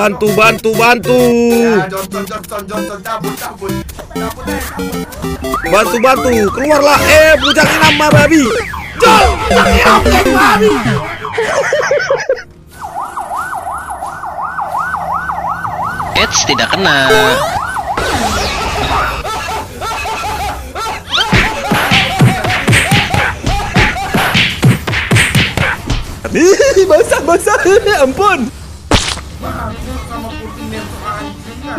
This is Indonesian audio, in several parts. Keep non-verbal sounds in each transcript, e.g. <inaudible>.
Bantu, bantu, bantu. Bantu, bantu. Keluarlah. Eh, bujang nama babi. babi. Eits, tidak kena. basah, basah. <laughs> Ampun.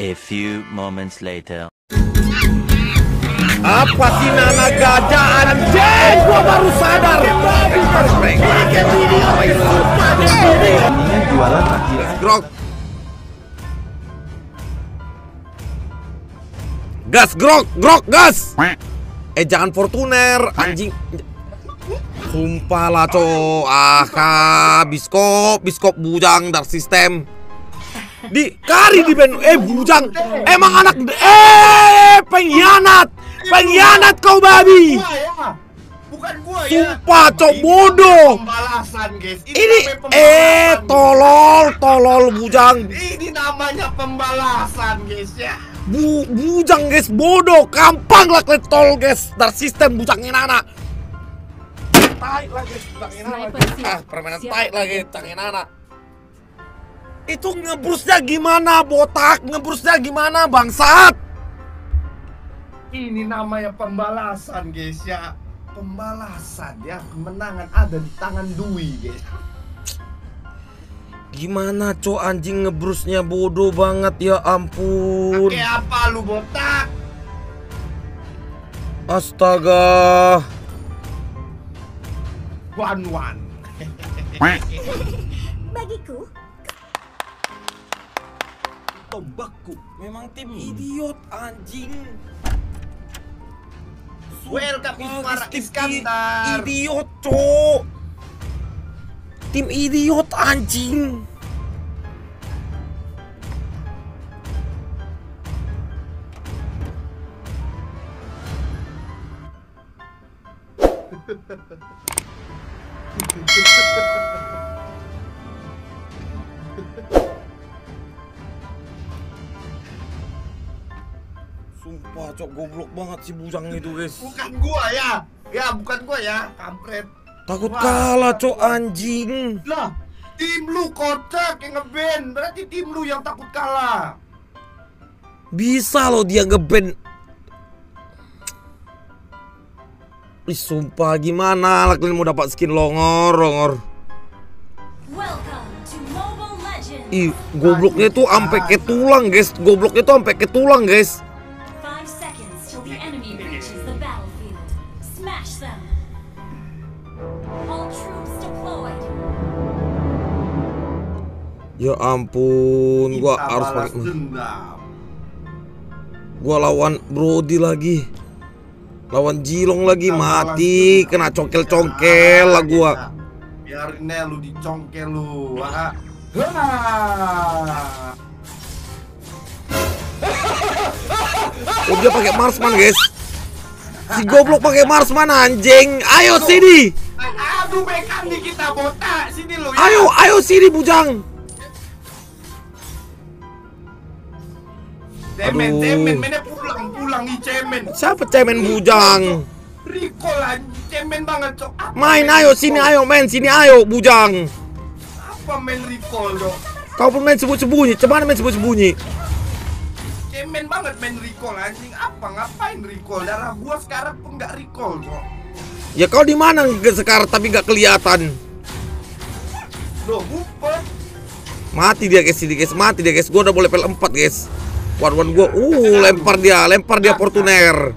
A few moments later. Apa sih nama gajah eh, anjing? Gua baru sadar. jualan Grok. Gas grok grok gas. Eh jangan Fortuner anjing. Sumpah lah co. Ah biskop biskop bujang dar sistem di kari di band eh bujang emang anak eh pengkhianat pengkhianat kau babi bukan gua ya. Sumpah, cok bodoh. Pembalasan, guys. Ini, ini eh tolol, tolol bujang. Ini namanya pembalasan, guys ya. Bu, bujang guys bodoh, kampang lah kalian tol guys. Dar sistem bujangin anak. Tai lah guys, bujangin anak. Ah, permainan tai lagi, bujangin anak. Itu ngebrusnya gimana botak? Ngebrusnya gimana bangsat? Ini namanya pembalasan guys ya. Pembalasan ya. Kemenangan ada di tangan Dwi guys. Gimana co anjing ngebrusnya bodoh banget ya ampun. pake apa lu botak? Astaga. One one. Bagiku, tombakku. Memang tim idiot anjing. Welcome Ismar Iskandar. Idiot, cok. Tim idiot anjing. goblok banget si bujang itu guys bukan gua ya ya bukan gua ya kampret takut Wah. kalah cok anjing lah tim lu kocak yang ngeband berarti tim lu yang takut kalah bisa loh dia ngeband Ih, sumpah gimana anak kalian mau dapat skin longor longor Ih, gobloknya tuh sampai ke tulang, guys. Gobloknya tuh sampai ke tulang, guys. Ya ampun, Kita gua harus pakai dendam. Gua lawan Brody lagi. Lawan Jilong lagi Kita mati, kena congkel-congkel lah gua. Biarin deh lu dicongkel lu. Ya oh dia pakai Marsman guys Si goblok pakai Marsman anjing Ayo sini Aduh mekanik kita botak Sini lu ya. Ayo ayo sini bujang Cemen, Aduh. cemen, mana pulang, pulang nih cemen. Siapa cemen bujang? Riko lah, cemen banget cok. Apa Main ayo sini ayo main, sini ayo bujang. Apa main Riko dong? Kau pun main sebut sembunyi cemana main sebut sembunyi Cemen banget main recall anjing. Apa ngapain Riko? Darah gua sekarang pun nggak Riko lo. Ya kau di mana sekarang tapi nggak kelihatan. Loh, bupet. Mati dia guys, ini guys, mati dia guys. Gua udah boleh pel 4 guys. One one gue, uh lempar dia, lempar dia portuner.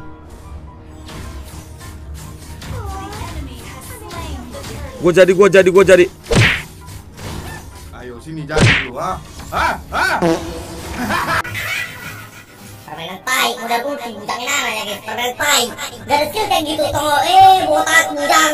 Gue jadi, gue jadi, gue jadi. Ayo sini jadi lu, ha? Ha? Ha? Permainan pai, udah bunting, bucangin ya guys. Permainan pai, gak ada skill kayak gitu, Tunggu, eh botak bujang.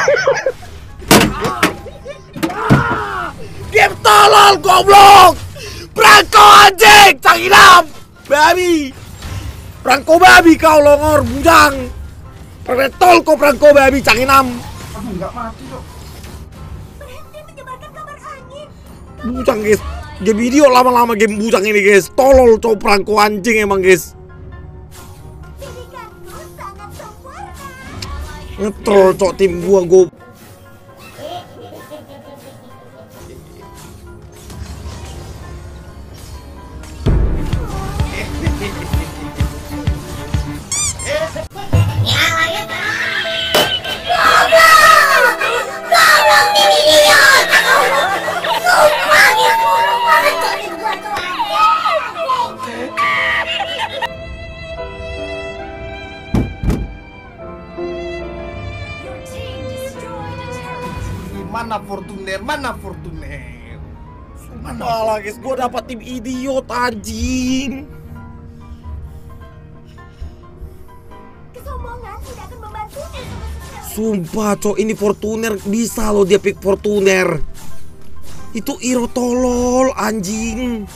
tolol goblok Prangko anjing cang hilang babi Prangko babi kau longor bujang Perretol kau prangko babi cang hilang Aduh nggak mati dok Bujang guys Game video lama-lama game bujang ini guys Tolol cowok perangko anjing emang guys Ngetrol cok tim gua gue mana Fortuner, mana Fortuner? Mana? Malah guys, gue dapat tim idiot anjing. Sumpah, cowok ini Fortuner bisa loh dia pick Fortuner. Itu Iro tolol anjing.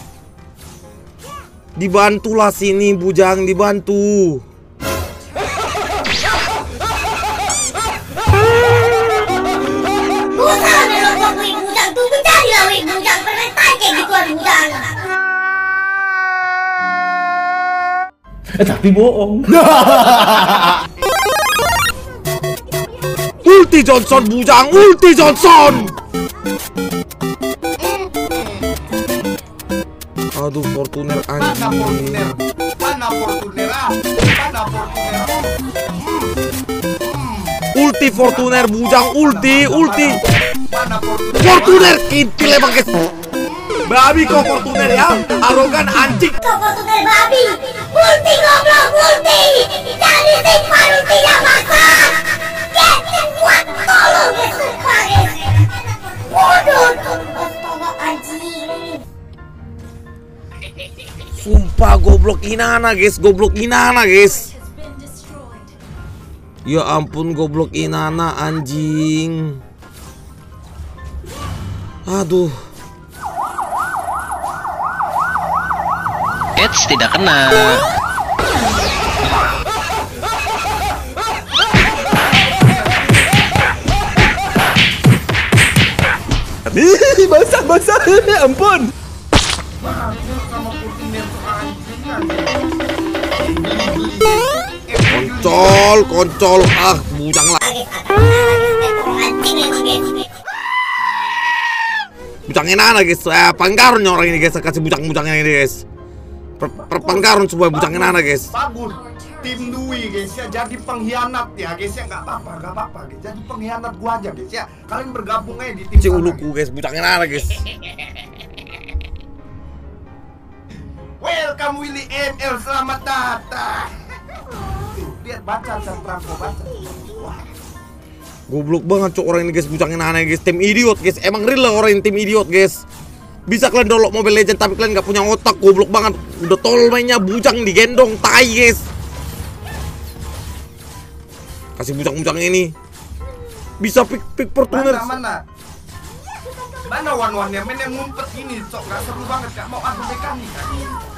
Ya. Dibantulah sini bujang dibantu. rendang. Eh, tapi bohong. <laughs> ulti Johnson bujang, ulti Johnson. Aduh, Fortuner anjing. Mana Fortuner? Mana Fortuner? Ah? Mana Fortuner? Hmm. Ulti Fortuner bujang, ulti, ulti. Fortuner kintil emang guys babi kau Fortuner ya arogan anjing kau Fortuner babi multi goblok multi Jadi sing baru tidak masak get buat tolong sumpah bodoh anjing sumpah goblok inana guys goblok inana guys Ya ampun goblok inana anjing Aduh Eits, tidak kena Ih, basah, basah, <laughs> ya ampun Koncol, koncol, ah, bujang lah Bujangin aja guys, eh, pangkarnya orang ini guys, kasih bujang-bujangnya ini guys perpengkaran sebuah bocah anak guys bagus tim Dwi guys ya jadi pengkhianat ya guys ya nggak apa-apa nggak apa-apa guys jadi pengkhianat gua aja guys ya kalian bergabung aja di tim Cik uluku guys bujangan anak guys <laughs> Welcome Willy ML selamat datang <laughs> lihat baca dan perangko baca Goblok banget cok orang ini guys bucangin aneh guys tim idiot guys emang real lah orang ini tim idiot guys bisa kalian download Mobile Legend tapi kalian nggak punya otak, goblok banget. Udah tol mainnya bujang digendong, tai guys. Kasih bujang-bujang ini. Bisa pick pick Fortuner. Mana mana? Mana wan yang main yang ngumpet ini, sok nggak seru banget, nggak mau aku ah, mekanik.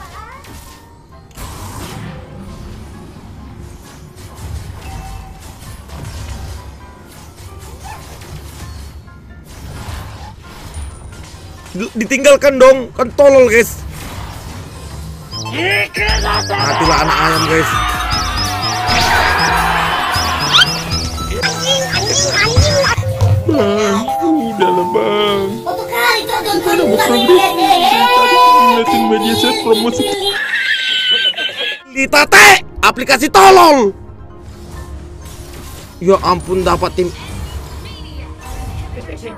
ditinggalkan dong kan tolol guys matilah anak ayam guys di udah aplikasi tolol Ya ampun dapat tim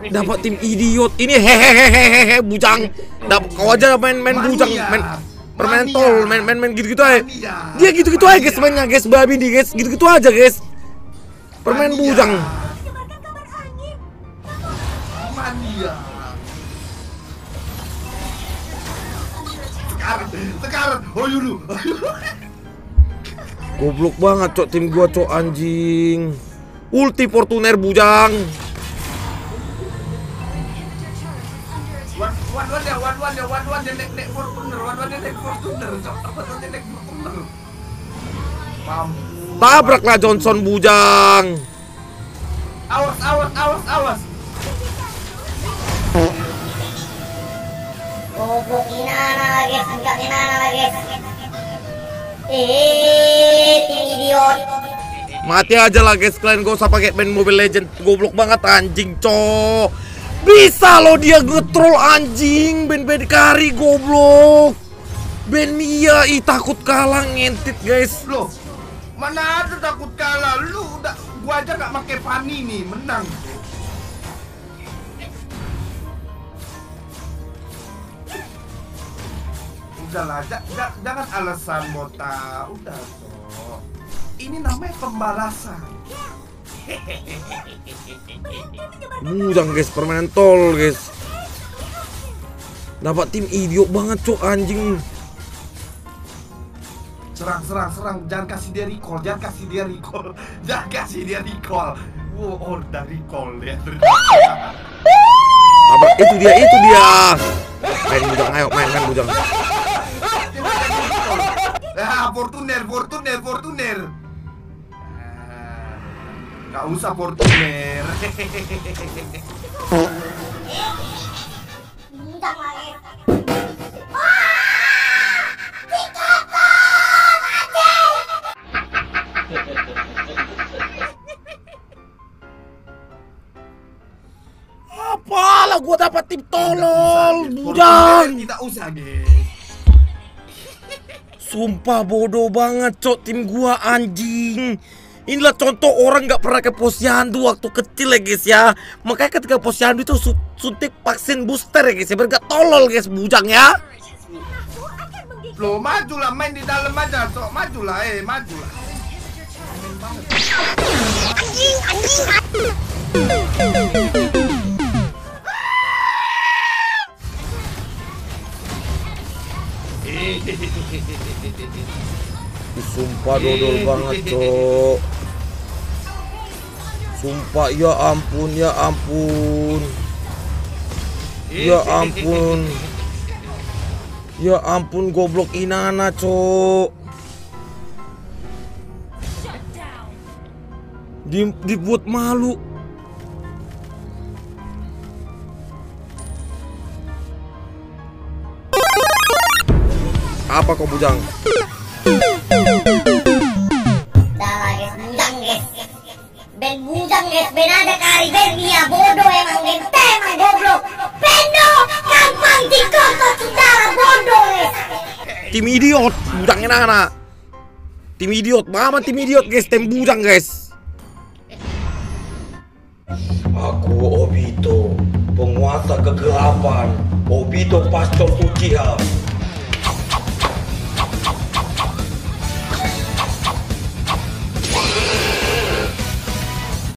dapat tim idiot ini hehehehehe bujang dapat kau aja main main bujang main permainan tol main main main gitu gitu aja dia gitu gitu aja guys mainnya guys babi di guys gitu gitu aja guys permain bujang oh, goblok banget cok tim gua cok anjing ulti fortuner bujang wan ya wan wan ya wan wan dia naik naik fortuner wan wan dia naik fortuner wan wan dia naik fortuner Mampu. Tabraklah Johnson bujang. Awas awas awas awas. Goblok ini anak lagi, enggak ini anak lagi. Eh, idiot. Mati aja lah guys, kalian gak usah pakai main Mobile Legend. Goblok banget anjing, cok. Bisa lo dia ngetrol anjing Ben-ben kari goblok Ben Mia ih takut kalah ngentit guys lo mana ada takut kalah lu udah gua aja gak pakai Fanny nih menang udahlah jangan alasan mota udah kok ini namanya pembalasan mudang hmm, guys, permainan tol guys. Dapat tim idiot banget cok anjing. Serang, serang, serang. Jangan kasih dia recall, jangan kasih dia recall. <laughs> Jangan kasih dia recall. Wow, order recall dia. Apa itu dia, itu dia. Main bujang, ayo main main bujang. <laughs> Ah, Fortuner, Fortuner, Fortuner. Gak usah Fortuner. Apalah gua dapat tim tolol, budang. usah, guys. Sumpah bodoh banget, cok tim gua anjing. Inilah contoh orang nggak pernah ke posyandu waktu kecil ya guys ya. Makanya ketika posyandu itu suntik vaksin booster ya guys ya. Biar tolol guys bujang ya. Lo majulah main di dalam aja. So, majulah eh majulah. Anjing anjing anjing. Tapi sumpah dodol banget cok Sumpah ya ampun ya ampun Ya ampun Ya ampun goblok Inana cok dibuat malu apa kau bujang lihat Ben ada kari Ben Mia bodoh emang Ben tema goblok Pendo gampang dikokok saudara bodoh guys tim idiot budang anak tim idiot mama tim idiot guys tim budang guys aku Obito penguasa kegelapan Obito Pastor Uchiha